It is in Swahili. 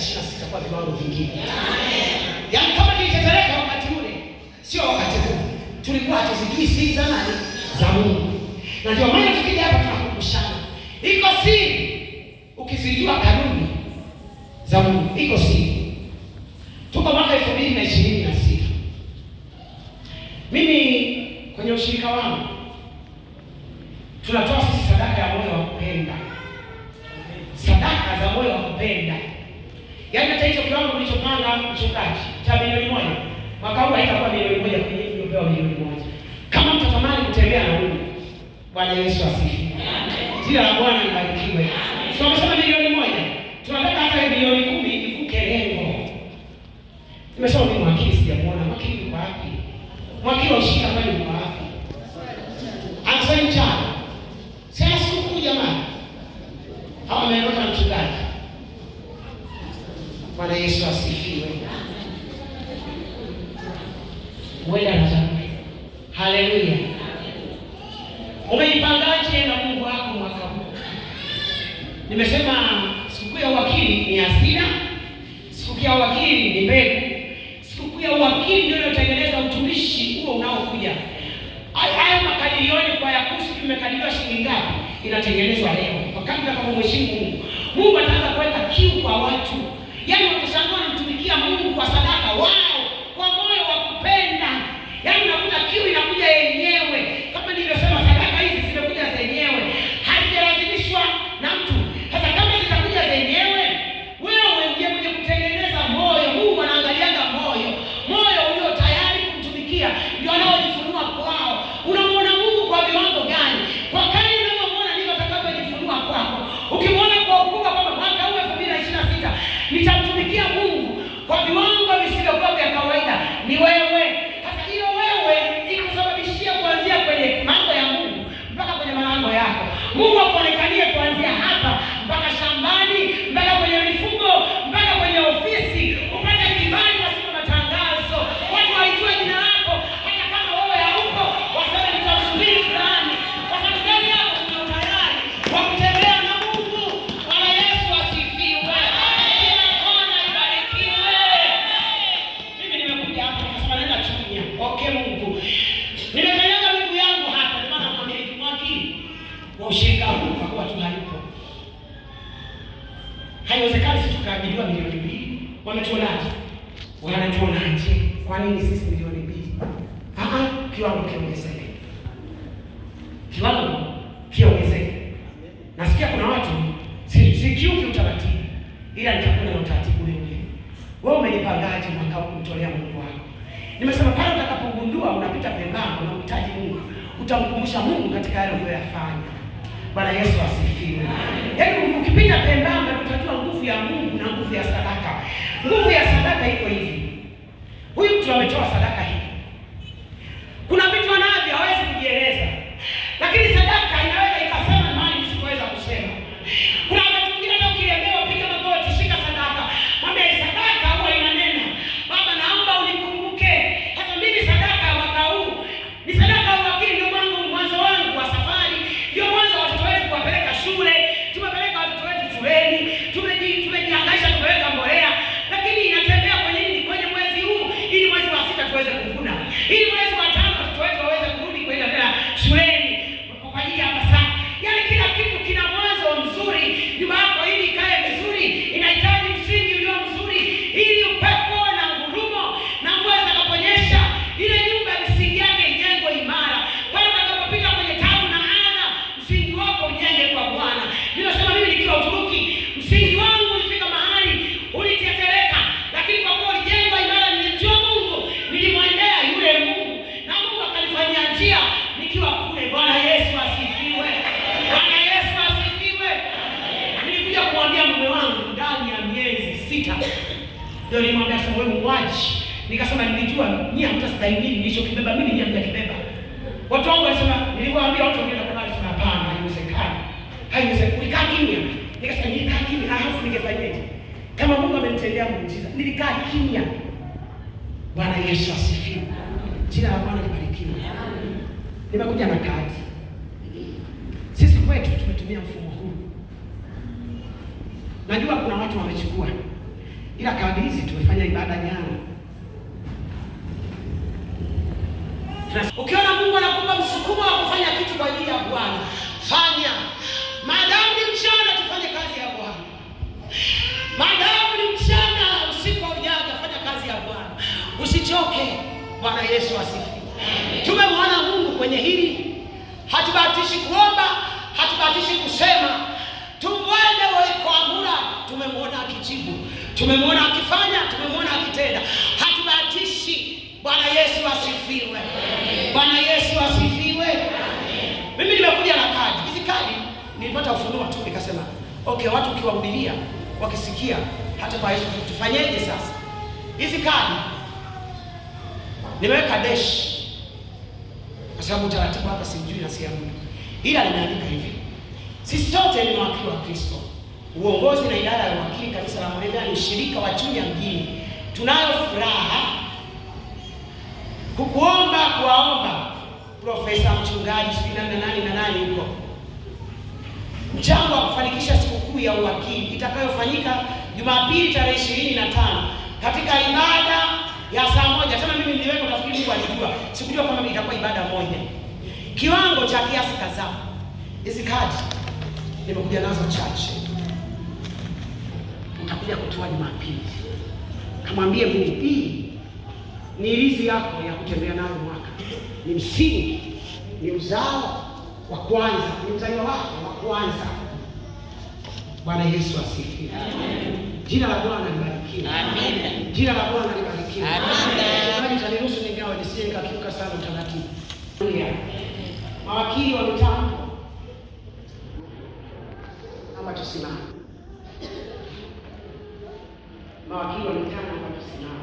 ishirini na sita kwa viwango vingine. Yaani kama nilitetereka wakati ule, sio wakati huu. Tulikuwa hatuzijui siri za nani za Mungu, na ndio maana tukija hapa tunakukushana. iko siri ukizijua kanuni za Mungu, iko siri. Tuko mwaka elfu mbili na ishirini na sita mimi kwenye ushirika wangu tunatoa sisi sadaka ya moyo wa kupenda, sadaka za moyo wa kupenda. Yaani hata hicho kiwango kilichopanga mchungaji cha milioni moja mwaka huu haitakuwa milioni moja kwenye tuliopewa milioni moja. Kama mtatamani kutembea na Mungu, Bwana Yesu asifiwe. Jina la Bwana libarikiwe. Bwana Yesu asifiwe. Mwenda na haleluya. Umeipangaje na Mungu wako mwaka huu? Nimesema sikukuu ya uwakili ni asira, sikukuu ya uwakili ni mbegu, sikukuu ya uwakili ndio inayotengeneza utumishi huo unaokuja. Haya makadirioni kwa yakusi imekadiriwa shilingi ngapi, inatengenezwa leo wakati kama mheshimu Mungu. Mungu ataanza kuweka kiu kwa watu yaani wakishangaa wanamtumikia Mungu kwa sadaka wao kwa moyo wa kupenda, yani unakuta kiu inakuja kuwa tunalipo. Haiwezekani sisi tukaajiriwa milioni mbili. Wametuonaje? Wanatuonaje? Kwa nini sisi milioni mbili? Ah, ah kiwango kiongezeke, kiwango kiongezeke. Nasikia kuna watu si sikiuki utaratibu, ila nitakwenda na utaratibu ule ule. Wewe umenipangaje mwaka kumtolea Mungu wako? Nimesema pale utakapogundua unapita pembamba na unamhitaji Mungu, utamkumbusha Mungu katika yale uliyoyafanya. Bwana Yesu asifiwe. Yaani ukipita pembamba utajua nguvu ya Mungu na nguvu ya sadaka. Nguvu ya sadaka iko hivi, huyu mtu ametoa sadaka hii Ninasema mimi nikiwa Uturuki, msingi wangu mahali ulitetereka, lakini kwa kuwa ulijengwa imara, nilimjua Mungu, nilimwendea yule ndio nilimwambia sasa, wewe muachi. Nikasema nilijua nyie hamtastahimili nilichokibeba mimi, nyie hamjakibeba. Watu wangu walisema, nilikuwaambia watu wengine, hapana, haiwezekani, haiwezekani kimya. Nikasema nilikaa kimya, halafu ningefanyaje? Kama Mungu amenitendea muujiza, nilikaa kimya. Bwana Yesu asifiwe. Jina la Bwana libarikiwe. Nimekuja na kazi. Sisi kwetu tumetumia mfumo huu. Najua kuna watu wamechukua. Ila kadi hizi tumefanya ibada jana. Ukiona Mungu anakupa msukumo wa kufanya kitu kwa ajili ya Bwana, fanya tuchoke. Bwana Yesu asifiwe. Tumemwona Mungu kwenye hili, hatubahatishi kuomba, hatubahatishi kusema. Tumwende wekoagura, tumemwona akijibu, tumemwona akifanya, tumemwona akitenda, hatubahatishi. Bwana Yesu asifiwe. Bwana Yesu asifiwe. Mimi nimekuja na kadi hizi, kadi nilipata ufunuo tu, nikasema okay, watu ukiwahubiria wakisikia hata kwa Yesu tufanyeje sasa? Hizi kadi Nimeweka dash kwa sababu utaratibu hapa sijui na siamini, ila nimeandika hivi: sisi sote ni mawakili wa Kristo. Uongozi na idara ya uwakili kanisa la Moravian ni ushirika wa Chunya mjini. Tunayo furaha kukuomba, kuwaomba profesa mchungaji na nani na nani huko mchango wa kufanikisha sikukuu ya uwakili itakayofanyika Jumapili tarehe 25 katika ibada ya saa moja. Sema mimi niliweka, nafikiri Mungu alijua, sikujua kama itakuwa ibada moja, kiwango cha kiasi kadhaa. Hizi kadi nimekuja nazo chache, utakuja kutoa Jumapili. Kamwambie Mungu, hii ni rizi yako ya kutembea nayo mwaka, ni msingi, ni uzao wa kwanza, ni mzaliwa wako wa kwanza Bwana Yesu asifiwe. Amen. Jina la Bwana libarikiwe. Amen. Jina la Bwana libarikiwe. Amen. Maji taniruhusu ningawa nisije nikakiuka sana utaratibu. Haleluya. Mawakili wa mitambo kama tusimame. Mawakili wa mitambo kama tusimame.